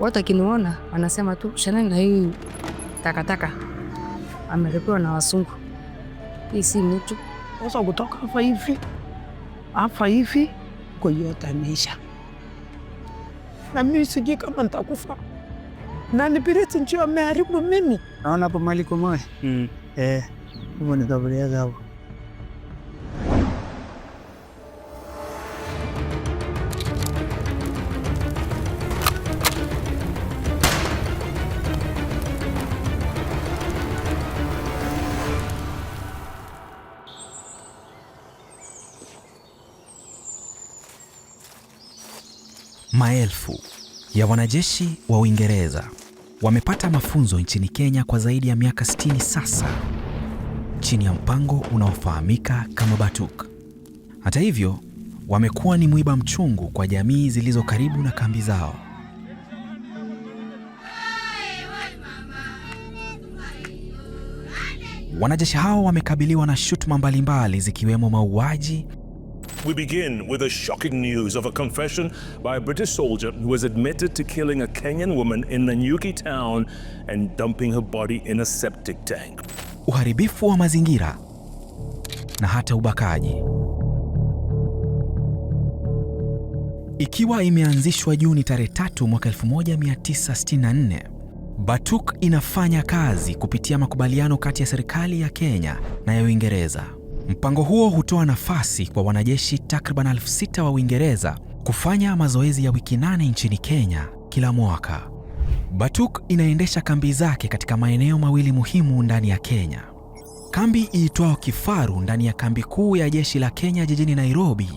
Watu akiniona wanasema tu Shanani na hii takataka amelepewa na wasungu, hii si mtu sasa kutoka hapa hivi hapa hivi kuyotanisha na mimi sijui kama nitakufa na Nibireti ndio ameharibu mimi. Naona hapo mali kwa moyo. Mm. Eh, hivyo ni hapo. maelfu ya wanajeshi wa Uingereza wamepata mafunzo nchini Kenya kwa zaidi ya miaka 60 sasa chini ya mpango unaofahamika kama BATUK. Hata hivyo, wamekuwa ni mwiba mchungu kwa jamii zilizo karibu na kambi zao. Wanajeshi hao wamekabiliwa na shutuma mbalimbali zikiwemo mauaji We begin with the shocking news of a confession by a British soldier who was admitted to killing a Kenyan woman in Nanyuki town and dumping her body in a septic tank. Uharibifu wa mazingira na hata ubakaji. Ikiwa imeanzishwa Juni tarehe tatu mwaka 1964, BATUK inafanya kazi kupitia makubaliano kati ya serikali ya Kenya na ya Uingereza. Mpango huo hutoa nafasi kwa wanajeshi takriban elfu sita wa Uingereza kufanya mazoezi ya wiki nane nchini Kenya kila mwaka. Batuk inaendesha kambi zake katika maeneo mawili muhimu ndani ya Kenya. Kambi iitwayo Kifaru ndani ya kambi kuu ya jeshi la Kenya jijini Nairobi,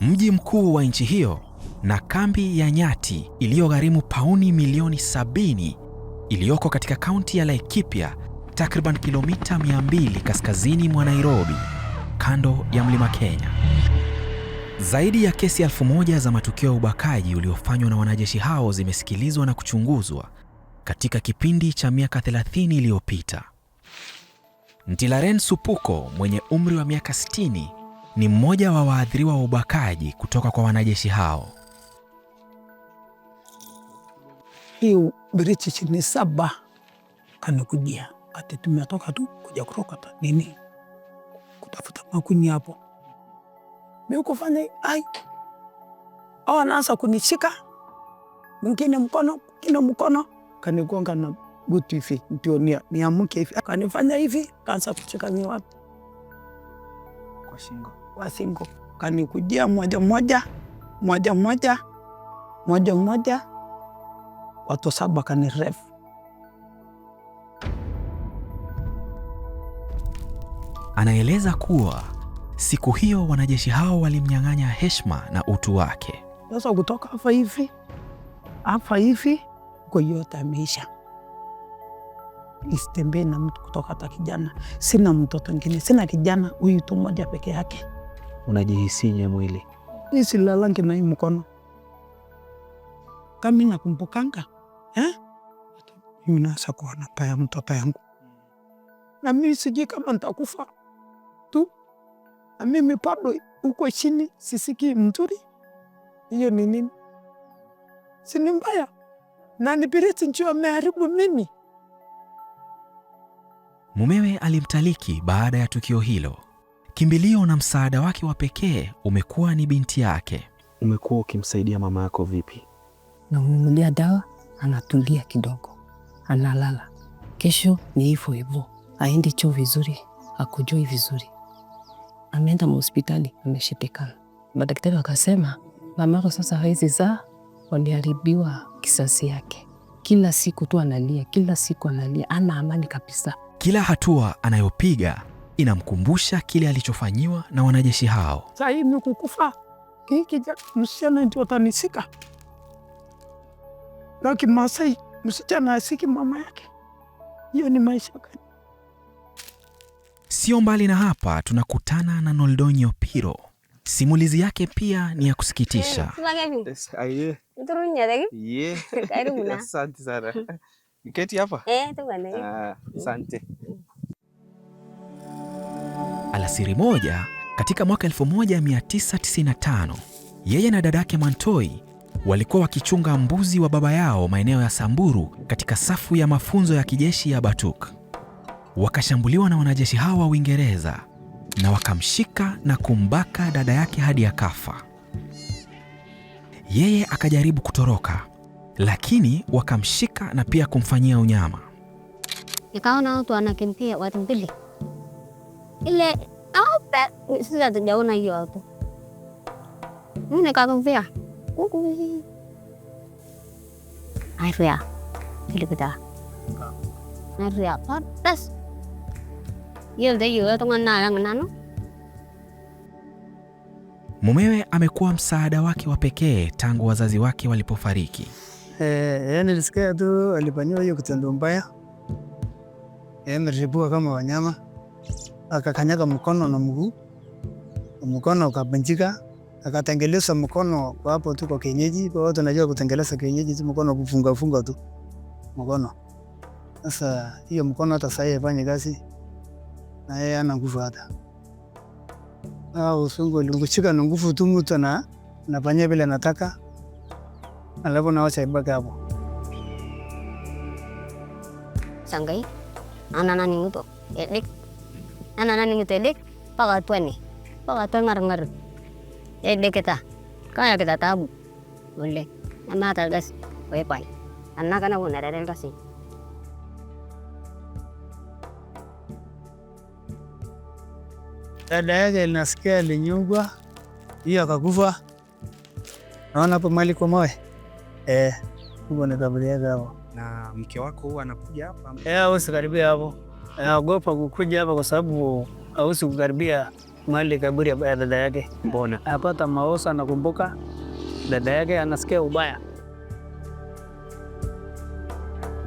mji mkuu wa nchi hiyo, na kambi ya Nyati iliyogharimu pauni milioni sabini iliyoko katika kaunti ya Laikipia, takriban kilomita 200 kaskazini mwa Nairobi kando ya mlima Kenya. Zaidi ya kesi elfu moja za matukio ya ubakaji uliofanywa na wanajeshi hao zimesikilizwa na kuchunguzwa katika kipindi cha miaka 30 iliyopita. Ntilaren Supuko mwenye umri wa miaka 60 ni mmoja wa waathiriwa wa ubakaji kutoka kwa wanajeshi hao. Hiyo birichi chini saba kanukujia ati tumetoka tu kuja kutoka nini kutafuta makuni hapo. Mimi kufanya ai, au anaanza kunishika mwingine mkono, mwingine mkono, kanigonga na butu hivi, ndio niamke hivi, kanifanya hivi, kaanza kucheka ni wapi kwa shingo, kwa shingo, kanikujia moja moja moja moja moja moja, watu saba kanirefu anaeleza kuwa siku hiyo wanajeshi hao walimnyang'anya heshima na utu wake. Sasa kutoka hapa hivi hapa hivi kwa yote ameisha, isitembee na mtu kutoka hata kijana. Sina mtoto ngine, sina kijana huyu tu mmoja peke yake. Unajihisinye mwili isilalangi na hii mkono kami nakumbukanga eh? Mimi nasa kuona paya mtoto yangu na mimi sijui kama ntakufa Ah, mimi bado huko chini sisiki mzuri. Hiyo ni nini? Si ni mbaya na ni Biriti ndio ameharibu mimi. Mumewe alimtaliki baada ya tukio hilo. Kimbilio na msaada wake wa pekee umekuwa ni binti yake. Umekuwa ukimsaidia mama yako vipi? Namnunulia dawa, anatulia kidogo, analala. Kesho ni hivyo hivyo, aende choo vizuri, akojoi vizuri ameenda mahospitali ameshitikana. Madaktari wakasema mamako sasa hawezi zaa, waliharibiwa kisasi yake. Kila siku tu analia, kila siku analia, ana amani kabisa. Kila hatua anayopiga inamkumbusha kile alichofanyiwa na wanajeshi hao. sahii hivi nikukufa msichana ndio atanisika, lakini Masai msichana asiki mama yake, hiyo ni maisha gani? Sio mbali na hapa tunakutana na Noldonyo Piro. Simulizi yake pia ni ya kusikitisha. Alasiri moja katika mwaka 1995 yeye na dadake Mantoi walikuwa wakichunga mbuzi wa baba yao maeneo ya Samburu katika safu ya mafunzo ya kijeshi ya Batuk wakashambuliwa na wanajeshi hawa wa Uingereza na wakamshika na kumbaka dada yake hadi akafa. Yeye akajaribu kutoroka, lakini wakamshika na pia kumfanyia unyama. Nikaona watu wanakimbia watu mbili ile aupe sisi hatujaona hiyo auto nikakimbia aria ilikuta aria yule yule na nano. Mumewe amekuwa msaada wake wa pekee tangu wazazi wake walipofariki. Eh, yani eh, nilisikia tu alifanyiwa hiyo kitendo mbaya, ameripua eh, kama wanyama, akakanyaga mkono na mguu, mkono ukabanjika, akatengeleza mkono kwa hapo tu kwa kienyeji, kwa watu najua kutengeleza kienyeji tu, mkono kufunga funga tu mkono. Sasa hiyo mkono hata sasa haifanyi kazi. naye ana nguvu hata au usungu ulunguchika na nguvu tu, mtu na nafanyia vile anataka, alafu nawacha ibaka hapo sangai anananingu ningupo edik anana ningupo edik paka tuani paka ngar ngar edik kita kaya kita tabu boleh nama atal gas wepai anak anak unarel dada yake alinasikia, linyugwa hiyo, akakufa. Naona hapo mali kwa mawe eh, huko ni kaburi yake hapo. Na mke wako huwa anakuja hapa eh? karibia hapo, naogopa kukuja hapa kwa sababu hausi kukaribia mali kaburi ya dada yake. Mbona apata maosa, anakumbuka dada yake, anasikia ubaya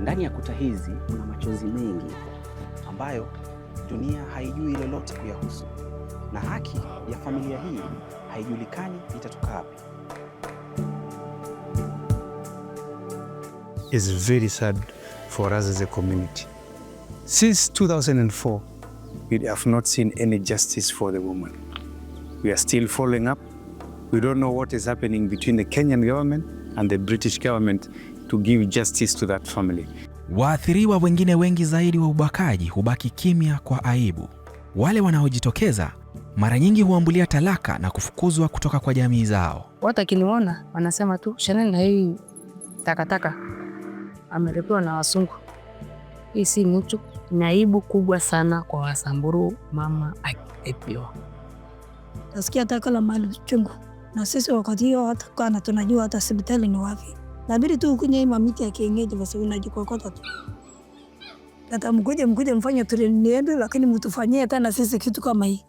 ndani ya kuta hizi kuna machozi mengi ambayo dunia haijui lolote kuyahusu na haki ya familia hii haijulikani itatoka wapi. It's very sad for us as a community. Since 2004, we have not seen any justice for the woman. We are still following up. We don't know what is happening between the Kenyan government and the British government to give justice to that family. Waathiriwa wengine wengi zaidi wa ubakaji hubaki kimya kwa aibu. Wale wanaojitokeza mara nyingi huambulia talaka na kufukuzwa kutoka kwa jamii zao. Watu akiniona wanasema tu shanani na hii takataka amelepewa na wasungu. Hii si mtu, ni aibu kubwa sana kwa Wasamburu mama akilepewa. tasikia taka la mali chungu, na sisi wakati hiyo hata kana tunajua hata sibitali ni wapi, nabidi tu hii mamiti ya kienyeji, basi unajikokota tu hata mkuje mkuje mfanye tuliniende, lakini mtufanyie tena sisi kitu kama hii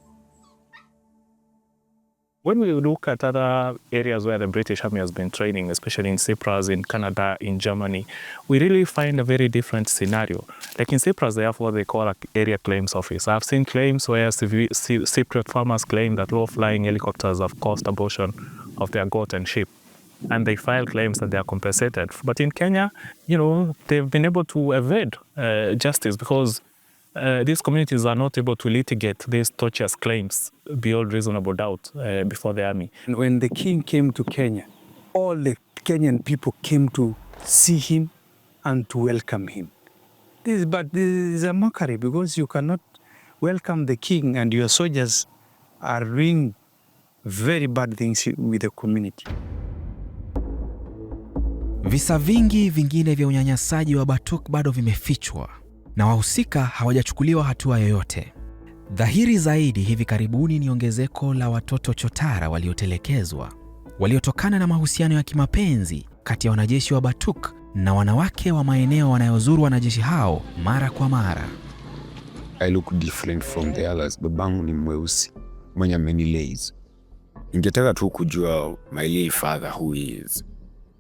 When we look at other areas where the British Army has been training, especially in Cyprus, in Canada, in Germany, we really find a very different scenario. Like in Cyprus, they have what they call an area claims office. I've seen claims where Cypriot farmers claim that low flying helicopters have caused abortion of their goat and sheep and they file claims that they are compensated. But in Kenya, you know, they've been able to evade uh, justice because Uh, these communities are not able to litigate these tortious claims beyond reasonable doubt uh, before the army. When the king came to Kenya, all the Kenyan people came to see him and to welcome him. This, but this is a mockery because you cannot welcome the king and your soldiers are doing very bad things with the community. Visa vingi vingine vya unyanyasaji wa Batuk bado vimefichwa na wahusika hawajachukuliwa hatua yoyote. Dhahiri zaidi hivi karibuni ni ongezeko la watoto chotara waliotelekezwa, waliotokana na mahusiano ya kimapenzi kati ya wanajeshi wa Batuk na wanawake wa maeneo wanayozuru wanajeshi hao mara kwa mara. I look different from the others. Babangu ni mweusi mwenye many Ningetaka tu kujua my father who is,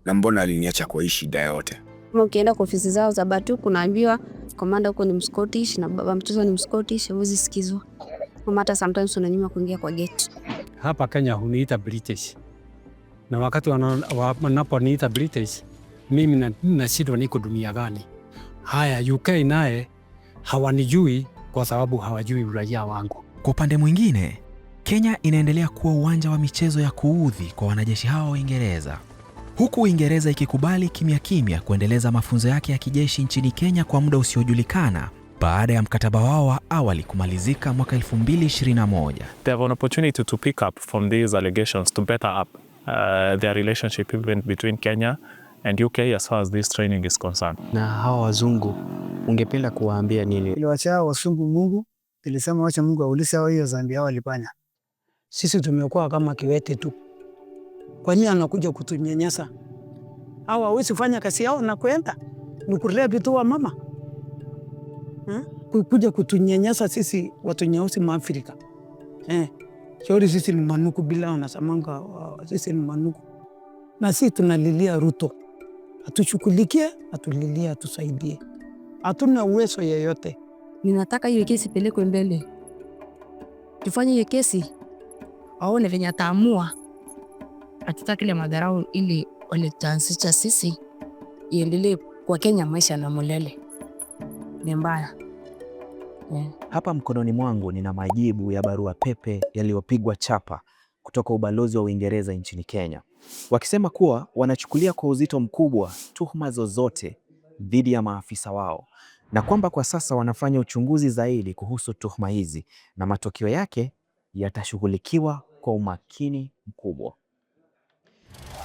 na mbona aliniacha kwa hii shida yote. Kama ukienda kwa ofisi zao za Batu unaambiwa komanda huko ni Mscottish na baba mtoto ni Mscottish, huwezi sikizwa. Mama hata sometimes unanyima kuingia kwa gate. Hapa Kenya huniita British. Na wakati wanaponiita British, mimi nashindwa niko dunia gani? Haya, UK naye hawanijui kwa sababu hawajui uraia wangu. Kwa upande mwingine, Kenya inaendelea kuwa uwanja wa michezo ya kuudhi kwa wanajeshi hawa wa Uingereza huku Uingereza ikikubali kimya kimya kuendeleza mafunzo yake ya kijeshi nchini Kenya kwa muda usiojulikana baada ya mkataba wao wa awali kumalizika mwaka 2021. They have an opportunity to pick up from these allegations to better up uh, their relationship even between Kenya and UK as far as this training is concerned. Na hawa wazungu ungependa kuwaambia nini? Iliwacha wazungu Mungu, tulisema wacha Mungu aulize hao hiyo Zambia hao walifanya. Sisi tumekuwa kama kiwete tu. Kwa nini anakuja kutunyanyasa? Au hawezi fanya kazi yao na kwenda ni kulea vitu wa mama hmm? Kuja kutunyanyasa sisi watu nyeusi Maafrika eh. Shauri sisi ni manuku bila wanasamanga sisi ni manuku, na sisi tunalilia Ruto atushughulikie, atulilie, atusaidie. Hatuna uwezo yeyote. Ninataka hiyo kesi pelekwe mbele, tufanye hiyo kesi, aone venye ataamua hatutaki ile madharau ili walitaanzisha sisi iendelee kwa Kenya maisha na mulele ni mbaya yeah. Hapa mkononi mwangu nina majibu ya barua pepe yaliyopigwa chapa kutoka ubalozi wa Uingereza nchini Kenya wakisema kuwa wanachukulia kwa uzito mkubwa tuhuma zozote dhidi ya maafisa wao na kwamba kwa sasa wanafanya uchunguzi zaidi kuhusu tuhuma hizi na matokeo yake yatashughulikiwa kwa umakini mkubwa.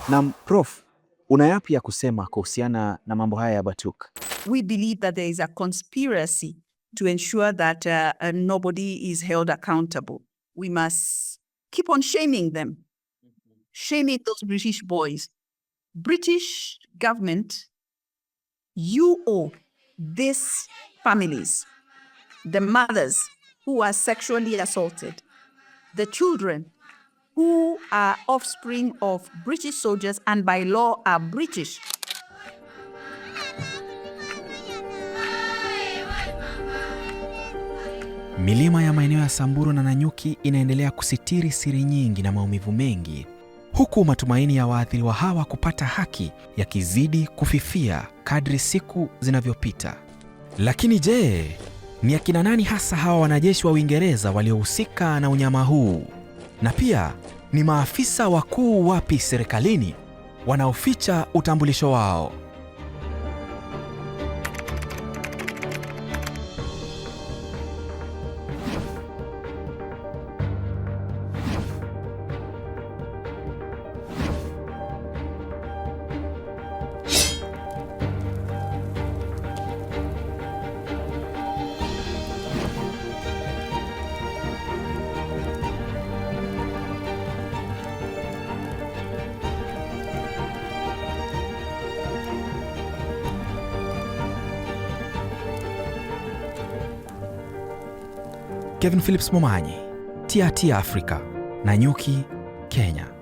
Na Prof, una yapi ya kusema kuhusiana na mambo haya ya Batuk? We believe that there is a conspiracy to ensure that uh, uh nobody is held accountable. We must keep on shaming them. Shaming those British boys. British government, you owe these families, the mothers who are sexually assaulted, the children who are offspring of British soldiers and by law are British. Milima ya maeneo ya Samburu na Nanyuki inaendelea kusitiri siri nyingi na maumivu mengi, huku matumaini ya waathiriwa hawa kupata haki yakizidi kufifia kadri siku zinavyopita. Lakini je, ni akina nani hasa hawa wanajeshi wa Uingereza waliohusika na unyama huu? na pia ni maafisa wakuu wapi serikalini wanaoficha utambulisho wao. Kevin Phillips Momanyi, Tia Tia Africa na Nyuki Kenya.